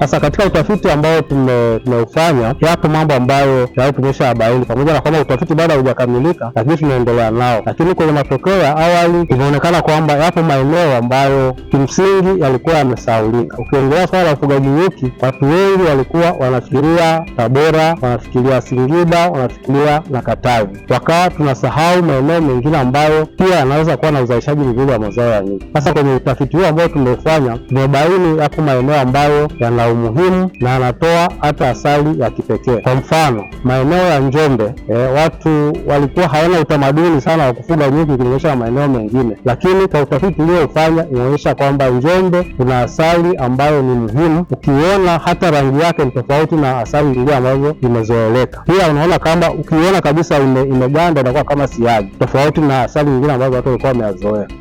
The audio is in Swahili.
Sasa katika utafiti ambao tumeufanya, yapo mambo ambayo tayari yabaini pamoja na kwamba utafiti bado haujakamilika, lakini tunaendelea nao. Lakini kwenye matokeo ya awali imeonekana kwamba yapo maeneo ambayo kimsingi yalikuwa yamesaulika Ukiongelea swala la ufugaji nyuki, watu wengi walikuwa wanafikiria Tabora, wanafikiria Singida, wanafikiria na Katavi, wakawa tunasahau maeneo mengine ambayo pia yanaweza kuwa na uzalishaji mzuri wa mazao ya nyuki. Sasa kwenye utafiti huo ambao tumeufanya, tumebaini yapo maeneo ambayo yana umuhimu na anatoa hata asali ya kipekee. Kwa mfano maeneo ya Njombe eh, watu walikuwa hawana utamaduni sana wa kufuga nyuki ukilinganisha na maeneo mengine, lakini kwa utafiti uliofanya inaonyesha kwamba Njombe kuna asali ambayo ni muhimu. Ukiona hata rangi yake ni tofauti na asali zingine ambazo zimezoeleka. Pia unaona kama ukiona kabisa imeganda ime inakuwa kama siagi, tofauti na asali nyingine ambazo watu walikuwa wameazoea.